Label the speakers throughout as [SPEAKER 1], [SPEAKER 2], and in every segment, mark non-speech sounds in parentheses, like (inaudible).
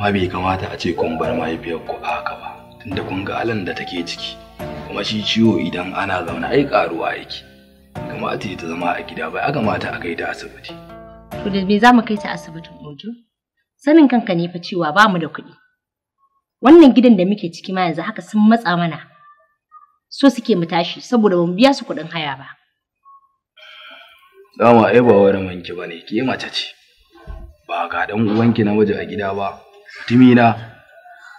[SPEAKER 1] ma bai kamata a ce kun bar mahaifiyar ku haka ba tunda kun ga alan da take ciki kuma shi ciwo idan ana zaune ai karuwa yake kuma a ce ta zama a gida bai kamata a kai ta asibiti
[SPEAKER 2] to da me za kai ta asibitin ojo sanin kanka ne fa cewa ba mu da kuɗi wannan gidan da muke ciki ma yanzu haka sun matsa mana so suke mu tashi saboda ba mu biya su kuɗin haya ba
[SPEAKER 1] dama ai ba wani manki bane ke mace ce ba ga dan uwanki namiji a gida ba timina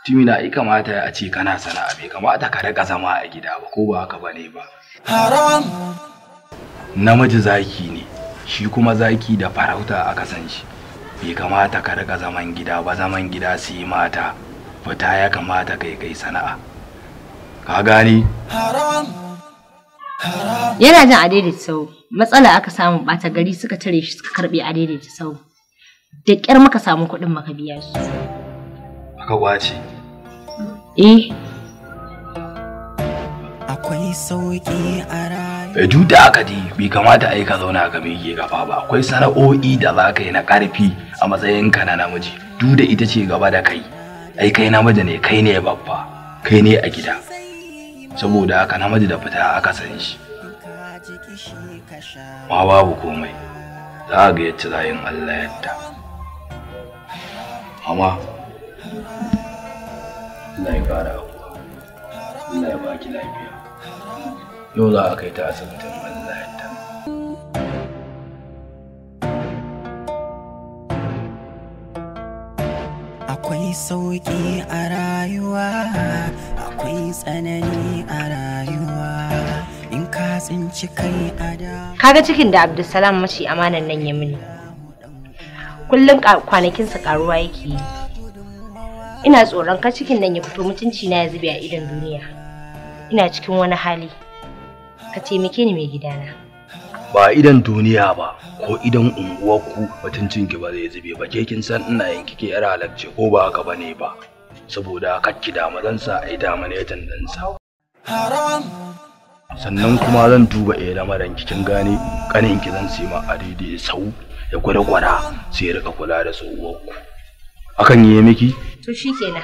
[SPEAKER 1] timina ai kamata a ce kana sana'a bai kamata ka rika zama a gida ba ko ba haka bane ba haram namiji zaki ne shi kuma zaki da farauta a kasan shi bai kamata ka rika zaman gida ba zaman gida sai mata fita ya kamata kai kai sana'a ka gani haram
[SPEAKER 2] yana jin adaidaita sau matsala aka samu ɓata gari suka tare shi suka karɓe adaidaita sau da ƙyar maka samu kuɗin maka biya su aka kwace eh,
[SPEAKER 1] eh duk da aka di bai kamata a yi ka zauna ka miƙe kafa ba akwai sana'o'i da za ka yi na ƙarfi a matsayin ka na namiji duk da ita ce gaba da kai ai kai namiji ne kai ne babba kai ne a gida saboda haka namiji da fita aka san shi
[SPEAKER 3] ma babu komai
[SPEAKER 1] za ga yadda zayin
[SPEAKER 3] Allah yadda
[SPEAKER 1] amma Allah ya ƙara abuwa. Allah ya baki lafiya. Yau za a kai ta asibitin Allah ya ta.
[SPEAKER 3] Akwai sauƙi a rayuwa, akwai tsanani a rayuwa. In ka tsinci kai a da.
[SPEAKER 2] Kaga cikin da Abdulsalam mace amanan nan ya mini. Kullum kwanakinsa ƙaruwa yake yi. ina tsoron ka cikin nan ya fito mutunci na ya zube a idon duniya ina cikin wani hali ka taimake ni mai gidana
[SPEAKER 4] ba idan
[SPEAKER 1] duniya ba ko idan unguwarku mutuncin ki ba zai zube ba ke kin san ina yin kike yar halacce ko ba haka bane ba saboda kakki da mazan sa ai da manetan dan haram sannan kuma zan duba eh lamarin kin gane kanin ki zan sima a daidai sau ya gwada gwada sai ya rika kula da tsohuwarku akan yi miki
[SPEAKER 2] to shikenan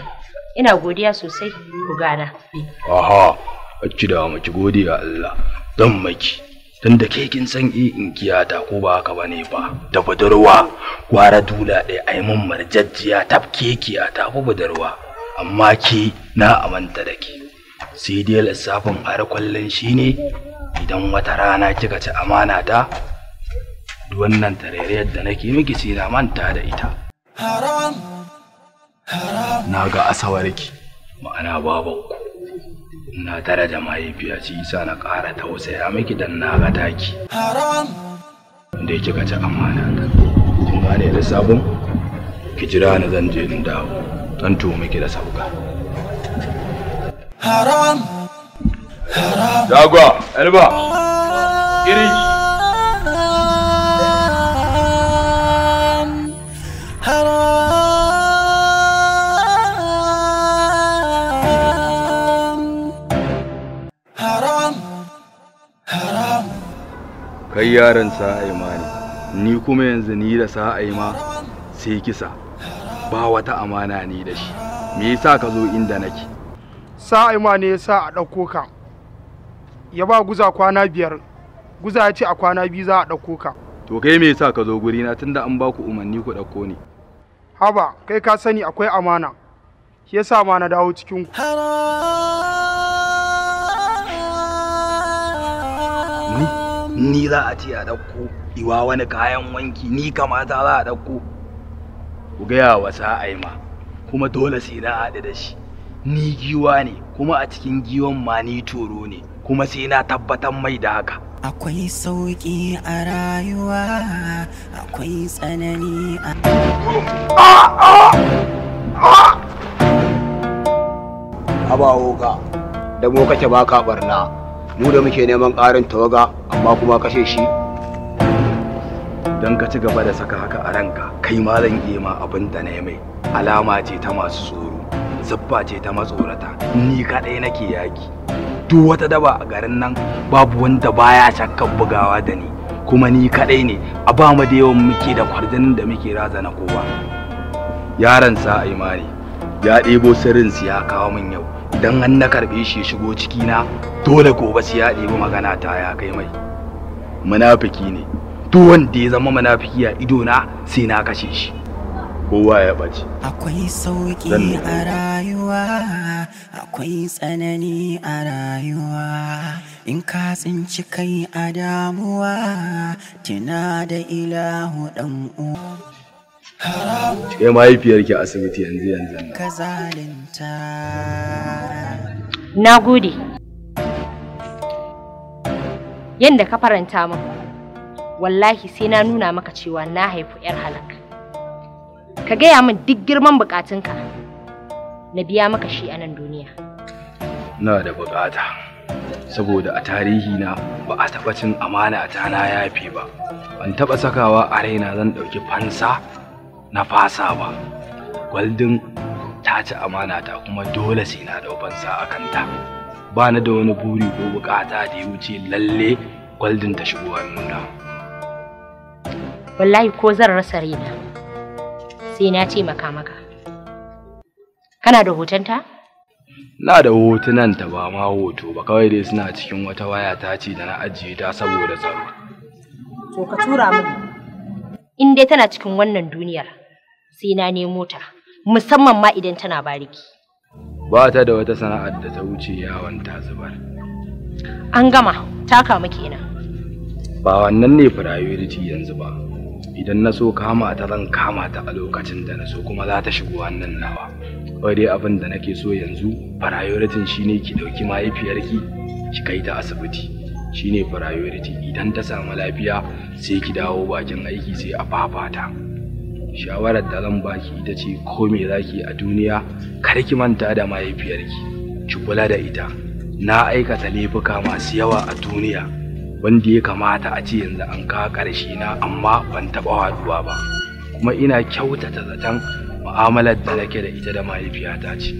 [SPEAKER 2] ina godiya sosai ku gana
[SPEAKER 1] aha ki da mu ki godiya Allah dan maki dan da ke kin san eh in kiyata ko ba haka bane ba da budurwa gwara dula ɗaya ai mun marjajjiya tafkekiya ta tafi budurwa amma ki na amanta da ki sai dai lissafin har kwallon shine idan wata rana kika ci amana ta wannan tarayyar da nake miki sai na manta da ita
[SPEAKER 5] haram
[SPEAKER 1] na ga asawarki
[SPEAKER 5] ma'ana babanku na
[SPEAKER 1] tare da mahaifiya shi isa na ƙara tausaya miki dan na ga taki haram da yake ci amana ta kun gane da sabon ki jira ni zan je in dawo dan tuwo miki da sauka
[SPEAKER 5] haram
[SPEAKER 1] haram jagwa alba Kiri! kai yaron sa'ai ma ne ni kuma yanzu ni da sa'ai ma sai kisa ba wata amana ni da shi me yasa ka zo inda nake
[SPEAKER 5] sa'ai ma ne yasa a ɗauko ka ya ba guza kwana biyar guza ya ce a kwana biyu za a ɗauko ka
[SPEAKER 1] to kai me yasa ka zo guri na tunda an ba ku umarni ku ɗauko ni
[SPEAKER 5] haba kai ka sani akwai amana yasa ma na dawo cikin ku
[SPEAKER 1] ni za a ce a ɗauko iwa wani kayan wanki ni kamata za a ɗauko ku gaya wa sa'aima kuma dole sai na haɗu da shi ni giwa ne kuma a cikin giwan ma ni toro ne kuma sai na tabbatar mai da haka
[SPEAKER 3] akwai sauƙi a rayuwa akwai tsanani a
[SPEAKER 1] abawo ka da mu baka barna mu da muke neman ƙarin tawaga amma kuma kashe shi don ka ci gaba da saka haka a ranka kai ma zan abin da na mai alama ce ta masu tsoro zuffa ce ta matsorata ni kaɗai nake yaki duk wata daba a garin nan babu wanda baya shakkan bugawa da ni kuma ni kaɗai ne a ba mu da yawan muke da kwarjinin da muke razana kowa yaron sa imani ya ɗebo sirrin siya kawo min yau idan an na karɓe shi shigo ciki na dole gobe sai ya ɗebo magana ta ya kai mai munafiki ne duk wanda ya zama munafiki a ido na sai na kashe shi kowa ya ɓace
[SPEAKER 3] akwai sauki a rayuwa akwai tsanani a rayuwa in ka tsinci kai a damuwa tina da ilahu dan
[SPEAKER 1] uwa Ke mahaifiyarki asibiti yanzu yanzu.
[SPEAKER 2] Ka Na gode. Yanda ka faranta min, wallahi sai na nuna maka cewa na haifu 'yar halak. Ka gaya min duk girman bukatunka, na biya maka shi a nan duniya.
[SPEAKER 1] Na da bukata. saboda a tarihi na ba a taɓa cin amana ta na yafe ba ban taɓa sakawa a raina zan ɗauki fansa na fasa ba, gwaldin ta ci amana ta kuma dole sai na dauban sa a kanta ba ni da wani buri ko bukata da ya wuce lalle gwaldin ta shigo nuna.
[SPEAKER 2] wallahi ko zan rasa raina sai na ce maka maka kana da hotonta?
[SPEAKER 1] na da hotunan ta ba ma hoto ba kawai dai suna cikin wata waya ta ce da na ajiye ta saboda tsaro
[SPEAKER 2] to ka tura min in dai tana cikin wannan duniyar sai na nemo ta musamman ma idan tana bariki
[SPEAKER 1] ba ta da wata sana'ar da ta wuce yawon ta zubar
[SPEAKER 2] an gama ta kama kenan
[SPEAKER 1] ba wannan ne priority yanzu ba idan na so kama ta zan kama ta a lokacin da na so kuma za ta shigo wannan nawa kawai dai abin da nake so yanzu priority shine ki dauki mahaifiyarki ki kai ta asibiti shine priority idan ta samu lafiya sai ki dawo bakin aiki sai a fafata shawarar da zan baki ita ce ko me zaki a duniya kar ki manta da mahaifiyarki ki kula da ita na aikata laifuka masu yawa a duniya wanda ya kamata a ce yanzu an ka ƙarshe na amma ban taɓa haɗuwa ba kuma ina kyautata zaton mu'amalar da nake da ita da mahaifiyata ce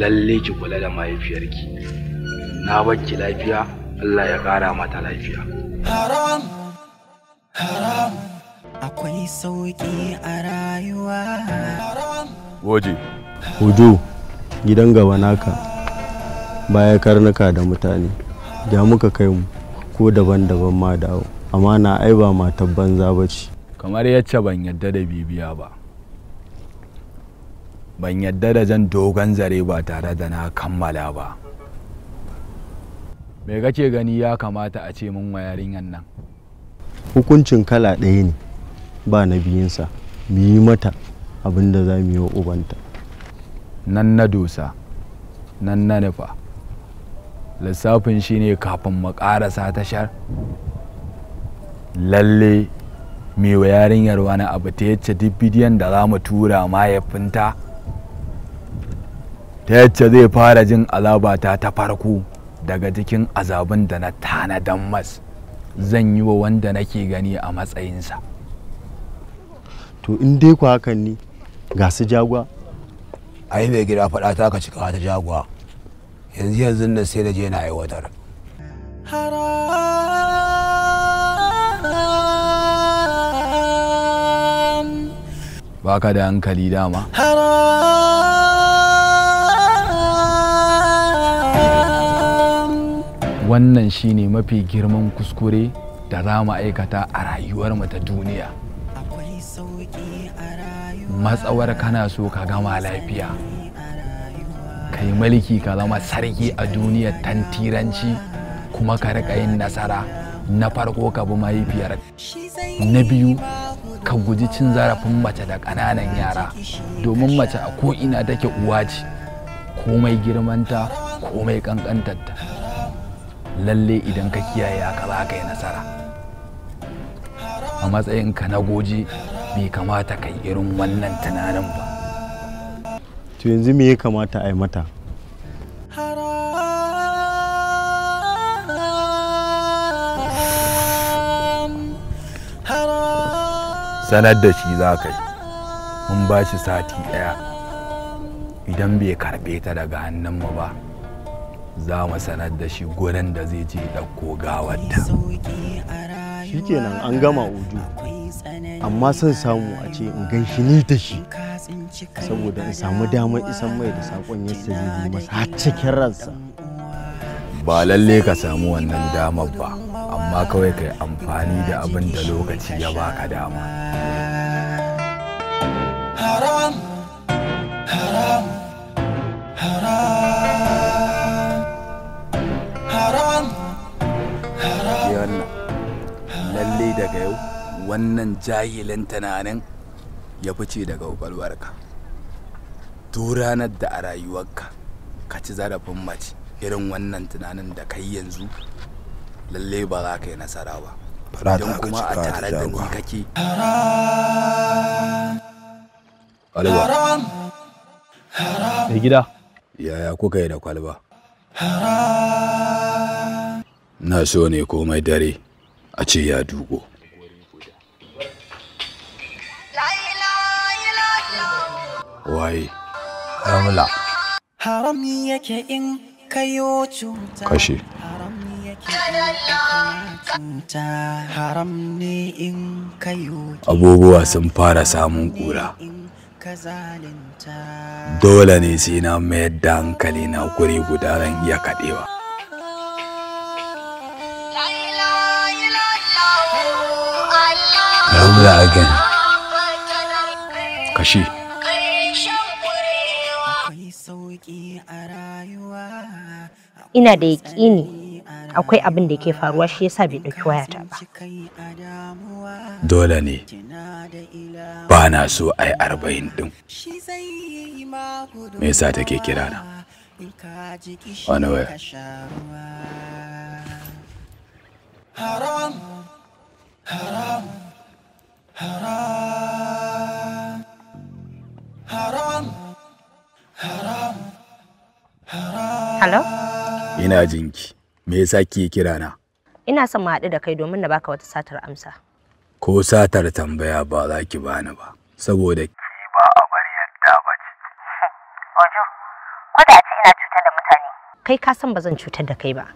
[SPEAKER 1] lalle ki kula da mahaifiyarki na bakki lafiya Allah ya ƙara mata lafiya.
[SPEAKER 5] Haram,
[SPEAKER 3] haram, akwai sauƙi a rayuwa. Haram,
[SPEAKER 1] Goje,
[SPEAKER 4] hudu, gidan gaba naka, baya karnuka da mutane, da muka kai mu ko daban-daban ma dawo, amana ai ba matan banza ba ce.
[SPEAKER 1] Kamar yacce ban yadda da bibiya ba. Ban yadda da jan dogon zare ba tare da na kammala ba. Mai kake gani ya kamata a ce mun yarinyan nan
[SPEAKER 4] hukuncin kala ɗaya ne ba na biyunsa mu yi mata abin da za mu yi wa ubanta nan na dosa nan na nufa
[SPEAKER 1] lissafin shi ne kafin mu ta tashar lalle mai wa yarinyar wani abu ta yacce duk bidiyon da za mu tura mahaifinta ta yacce zai fara jin alabata ta farko daga cikin azabin da na tanadan mas zan yi wa wanda nake gani
[SPEAKER 4] a matsayinsa to in dai ku hakan ni ga su jagwa
[SPEAKER 1] ai mai gida faɗa ta ka cika ta jagwa yanzu yanzu na sai da je na aiwatar ba baka da hankali dama Har wannan shine mafi girman kuskure da za mu aikata a rayuwar mu ta duniya matsawar kana so ka gama lafiya ka yi mulki ka zama sarki a duniyar tantiranci kuma ka riƙa yin nasara na farko ka bi mahaifiyar na biyu ka guji cin zarafin mace da ƙananan yara domin mace a ko'ina take uwa ce komai girmanta komai ƙanƙantarta lalle idan ka kiyaye haka za ka yi nasara a matsayinka na goji bai kamata ka irin wannan tunanin ba
[SPEAKER 4] to yanzu me ya kamata a yi mata
[SPEAKER 1] sanar da shi za ka yi mun ba shi sati ɗaya idan bai karɓe ta daga hannunmu ba za mu sanar da shi gurin da zai je ɗauko gawarta nan an
[SPEAKER 4] gama udu, amma son samu a ce in gan shi ni da shi saboda in samu damar isan mai da saƙon yadda zai yi masa cikin ransa
[SPEAKER 1] ba lalle ka samu wannan damar ba amma kawai ka yi amfani da abin da lokaci ya baka dama
[SPEAKER 5] haram haram
[SPEAKER 1] wannan jahilin tunanin ya fice daga ƙwaƙwalwarka duk ranar da a rayuwarka ka ci zarafin mace irin wannan tunanin da kai yanzu lalle ba za ka yi nasara ba don kuma a tare da ni kake kwalba gida yaya kuka yi da kwalba na so ne komai dare a ce ya dugo
[SPEAKER 3] waye ramla harami cuta kashi
[SPEAKER 1] abubuwa sun fara samun kura dole ne sai na mayar da hankali na guri guda ran iya kaɗewa kashi
[SPEAKER 2] ina da yaƙini akwai abin da ke faruwa shi yasa bai ɗauki wayata ba
[SPEAKER 1] dole ne ba na so a yi arba'in ɗin
[SPEAKER 3] me yasa take kira na wani waya
[SPEAKER 5] haram haram haram haram
[SPEAKER 2] haram haram Hello?
[SPEAKER 1] Ina jinki. Me yasa kike kira na?
[SPEAKER 2] Ina son mu haɗu da kai domin na baka wata satar amsa.
[SPEAKER 1] Ko satar tambaya ba za ki bani ba, saboda ki ba a bar yadda ba ce. (laughs) Ojo,
[SPEAKER 2] ko da a ce ina cutar da mutane. Kai ka san ba zan cutar da kai ba.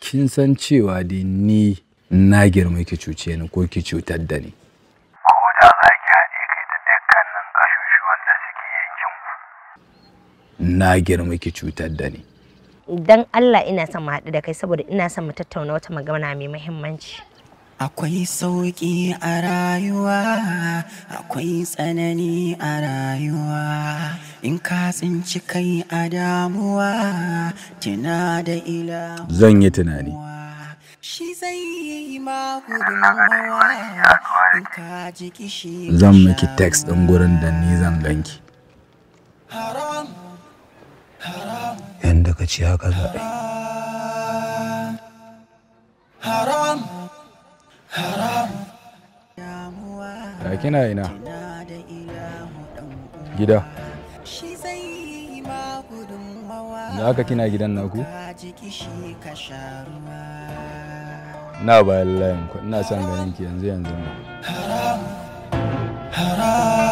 [SPEAKER 1] Kin san cewa dai ni na girma ki cuce ni ko ki cutar da ni. Ko kai da da suke Na girma ki cutar da ni.
[SPEAKER 2] dan Allah ina son mu haɗu da kai saboda ina son mu tattauna wata magana mai muhimmanci akwai sauƙi
[SPEAKER 3] a rayuwa akwai tsanani a rayuwa in ka tsinci kai a damuwa tuna da ila
[SPEAKER 1] zan yi tunani
[SPEAKER 3] shi zai yi ma gudunmawa in ka ji kishi zan
[SPEAKER 1] miki text ɗin gurin da ni zan ganki haram
[SPEAKER 5] haram da ka ci haka za a yi haram
[SPEAKER 1] haram ya kina ina gida
[SPEAKER 3] da ka kina gidan naku
[SPEAKER 1] na bayan layin ina son ganin ki yanzu yanzu haram
[SPEAKER 5] haram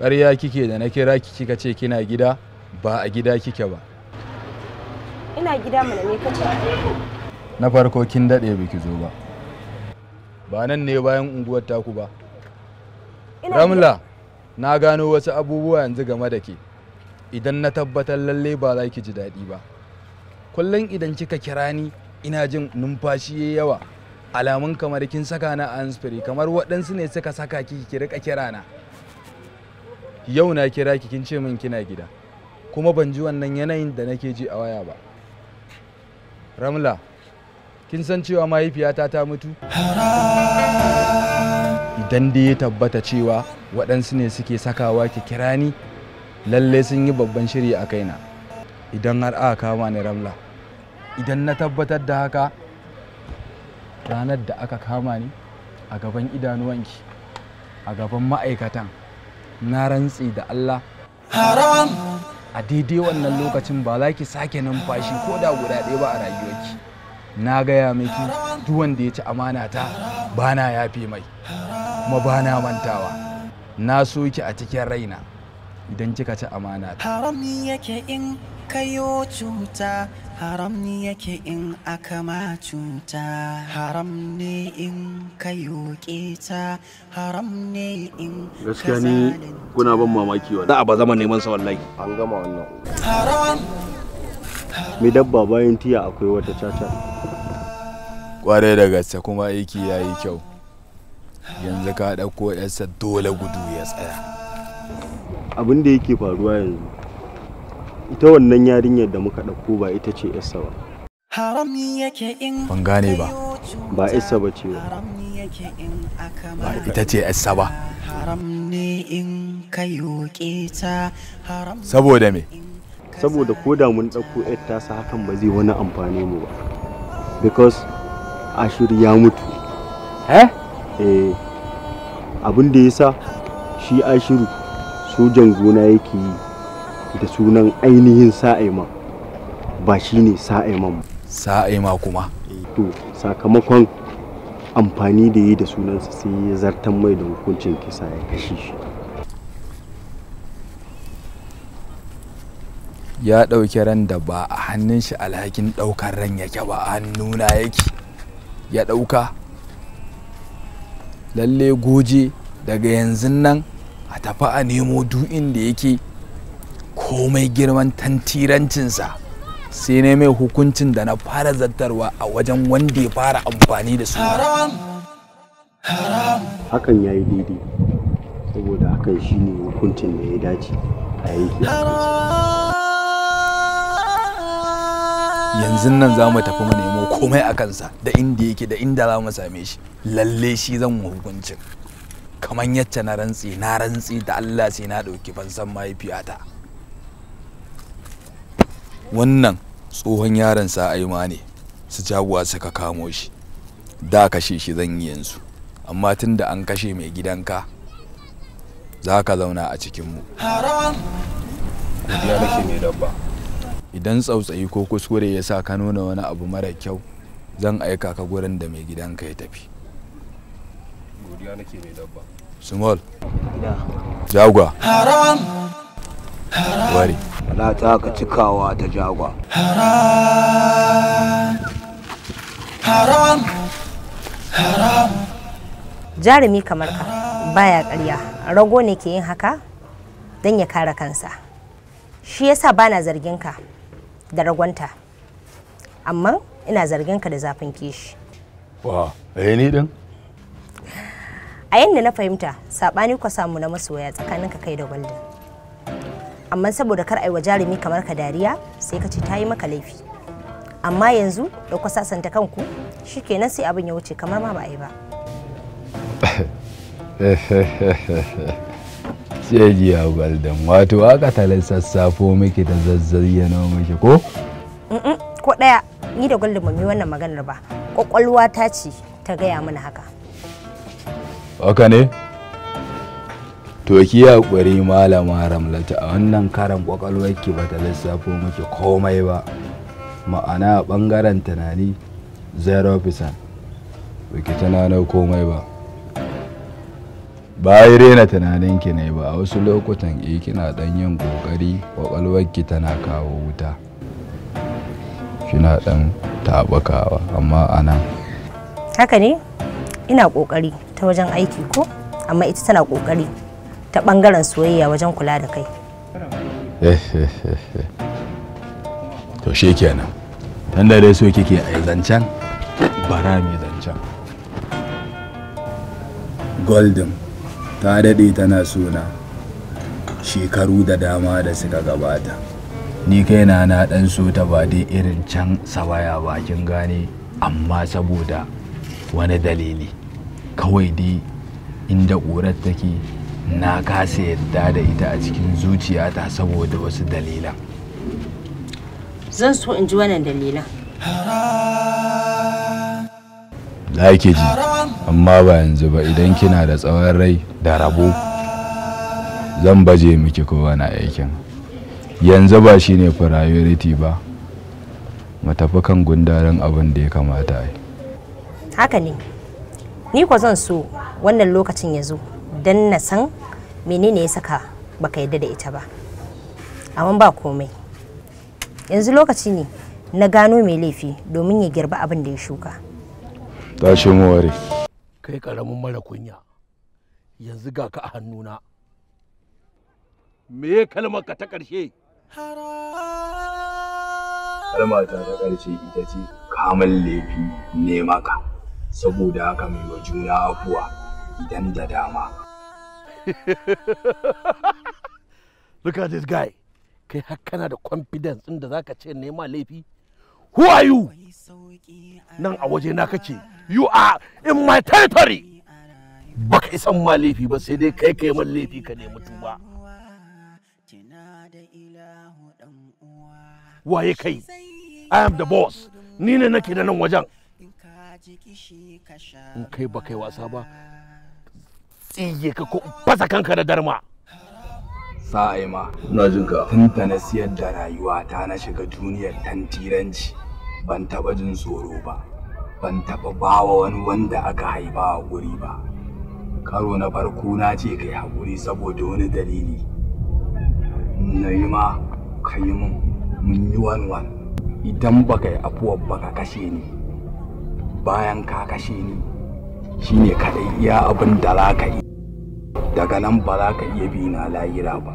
[SPEAKER 1] ƙarya kike da na kira ki kika ce kina gida ba a gida kike ba
[SPEAKER 2] ina gida mana ne kace
[SPEAKER 1] na farko kin daɗe biki zo ba ba nan ne bayan unguwar taku ba ramla na gano wasu abubuwa yanzu game da ke idan na tabbatar lalle ba za ki ji daɗi ba kullum idan kika kira ni ina jin numfashi ya yawa alamun kamar kin saka na a kamar waɗansu ne suka saka ki ki rika kira na yau na kira ki kin ce min kina gida kuma ban ji wannan yanayin da nake ji a waya ba ramla kin san cewa mahaifiyata ta mutu idan da ya tabbata cewa waɗansu ne suke sakawa ki kira ni lalle sun yi babban shiri a kaina idan har aka kama ni ramla idan na tabbatar da haka ranar da aka kama ni a gaban idanuwanki a gaban ma'aikatan na rantsi da Allah haram a daidai wannan lokacin ba za ki sake numfashi ko da guda ɗaya ba a rayuwarki na gaya miki duk wanda ya ci amana ta bana yafe mai kuma bana mantawa na so ki a cikin raina idan kika ci amana ta
[SPEAKER 3] haram yake in aka cuta haram ne yake in aka ma cuta haram ne in ka
[SPEAKER 4] yoke ta haram ne in gaskiya ni kuna ban mamaki wani. za a ba zama neman sa wallahi an gama wannan haram mi dabba bayan tiya akwai wata caca kwarai da gaske kuma aiki yayi kyau yanzu ka dauko yasa dole gudu ya tsaya abin da yake faruwa yanzu ita wannan yarinyar da muka ɗauko ba ita ce yasa ba
[SPEAKER 3] ban gane ba ba yasa
[SPEAKER 4] ba ce ba ba ita ce yasa ba saboda me saboda ko da mun ɗauko yar tasa hakan ba zai wani amfani mu ba because ashir ya mutu eh? eh abin da ya sa shi ashiru sojan gona yake yi da sunan ainihin sa'aiman ba shine sa'aiman sa'aima kuma eh, to sakamakon amfani da yi da sunansa sai ya zartan mai da hukuncin kisa ya kashe shi
[SPEAKER 1] ya ɗauki ran da ba a hannun shi alhakin ɗaukar ran yake ba a nuna yake ya ɗauka lalle goje daga yanzu nan a tafi a nemo duk inda yake komai girman tantirancinsa sai na mai hukuncin da na fara zartarwa a wajen wanda ya fara amfani da su
[SPEAKER 4] hakan ya yi daidai saboda hakan ne hukuncin da ya dace a yi
[SPEAKER 1] yanzu nan za mu tafi mu nemo komai a kansa da inda yake da inda za mu same shi lalle shi zan mu hukuncin kamar yacce na rantsi na rantsi da Allah sai na ɗauki fansan mahaifiyata. wannan tsohon yaron sa aima ne su jaguwa suka kamo shi da kashe shi zan yi yanzu amma tun da an kashe mai gidanka za ka zauna a cikinmu
[SPEAKER 5] godiya ke mai dabba
[SPEAKER 1] idan tsautsayi ko kuskure ya sa ka nuna wani abu mara kyau zan aika ka gurin da mai gidanka ya tafi godiya nake mai dabba small Fala ta ka cikawa ta jagwa.
[SPEAKER 2] Jarumi kamar ka baya ƙarya, rago ne ke yin haka don ya kare kansa. Shi yasa bana zargin ka da ragonta, amma ina zargin ka da zafin kishi.
[SPEAKER 1] Wa, eh ni din?
[SPEAKER 2] A yadda na fahimta, saɓani ku samu na masoya tsakaninka kai da gwaldin. amma saboda kar ai wa jarumi kamar ka dariya sai ka ce ta yi maka laifi amma yanzu da ku sasanta kanku shikenan sai abin ya wuce kamar ma ba ai ba
[SPEAKER 1] Cejiya (laughs) Gwaldin wato aka talin sassafo miki da zazzayyano miki ko?
[SPEAKER 2] Ko ɗaya ni da Gwaldin ba mu wannan maganar ba. Ƙwaƙwalwa ta ce ta gaya mana haka.
[SPEAKER 1] Haka ne? to ki hakuri malama ramlata a wannan karan kwakwalwarki ba ta lissafo miki komai ba ma'ana a bangaren tunani 0% baki tunanin komai ba ba yi rena tunaninki ne ba a wasu lokutan eh kina dan yin kokari kwakwalwarki tana kawo wuta kina dan taɓakawa amma ana
[SPEAKER 2] haka ne ina kokari ta wajen aiki ko amma ita tana kokari ta bangaren soyayya wajen kula da kai
[SPEAKER 1] eh, eh, eh, to shi kenan dan da dai so kike a zancen bara mai zancen golden ta daɗe tana suna shekaru da dama da suka gabata ni kai na na ɗan so ta ba dai irin can sawaya kin gane amma saboda wani dalili kawai dai inda ƙurar take na kasa yadda da ita a cikin zuciyata saboda wasu dalilan
[SPEAKER 2] zan so in ji wannan dalilan
[SPEAKER 1] za ki ji amma ba yanzu ba idan kina da tsawon rai da rabo zan baje miki kowane aikin yanzu ba shi ne priority ba mu tafi kan gundaren abin da ya kamata yi
[SPEAKER 2] haka ne ni ko zan so wannan lokacin ya zo don na san menene ya saka baka yadda da ita ba amma ba komai yanzu lokaci ne na gano mai laifi domin ya girba abin da ya shuka
[SPEAKER 1] tashin ware
[SPEAKER 4] kai karamin mara kunya yanzu ga ka a hannuna me kalmar ka ta ƙarshe kalmar ta ta ƙarshe ita ce
[SPEAKER 1] kamar laifi ne maka saboda haka mai wa juna afuwa idan da dama
[SPEAKER 4] (laughs) Look at this guy. Kai har kana da confidence inda da zaka ce nema laifi. Who are you? Nan a waje na kake. You are in my territory. Baka isan ma laifi ba sai dai kai kai man laifi ka nemi tuba. Waye kai? I am the boss. Ni ne nake da nan wajen. In kai ba kai wasa ba,
[SPEAKER 3] tsiye
[SPEAKER 1] ka ko fasa kanka da darma sa'ai ma ina jin ka tun na siyar da rayuwa ta na shiga duniyar tantiranci ban taba jin tsoro ba ban taba bawa wani wanda aka haifa a guri ba karo na farko na ce kai hakuri saboda wani dalili na yi ma ka yi mun mun yi wanwan idan baka yi ba baka kashe ni bayan ka kashe ni shine kaɗai iya abin da za ka yi daga nan ba za ka iya bi na layira ba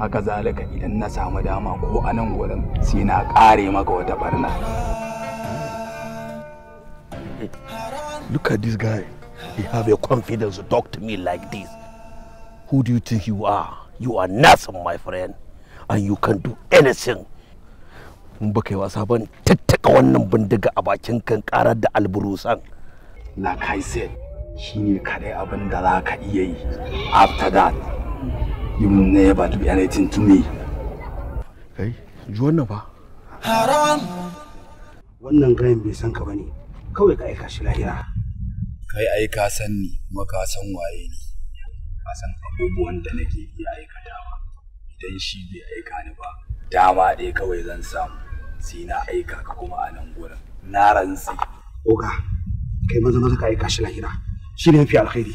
[SPEAKER 1] haka zalika idan na samu dama ko a nan wurin sai na ƙare maka wata barna
[SPEAKER 4] look at this guy he have a confidence to talk to me like this who do you think you are you are nothing my friend and you can do anything mun baka yi wasa ban tattaka wannan bindiga a bakin kan karar da alburusan like I shi shine kadai abin da za ka iya
[SPEAKER 1] yi after that you will never do anything to me kai
[SPEAKER 4] ji wannan fa haram wannan gayan bai san ka
[SPEAKER 1] bane kawai ka aika shi lahira kai aika ka san ni kuma ka san waye ni ka san abubuwan da nake iya aikatawa idan shi bai aika ni ba dama ɗaya kawai zan samu sai na aika ka kuma a nan gurin na rantsi
[SPEAKER 4] oga kai maza maza ka aika la lahira shi ne mafi alkhairi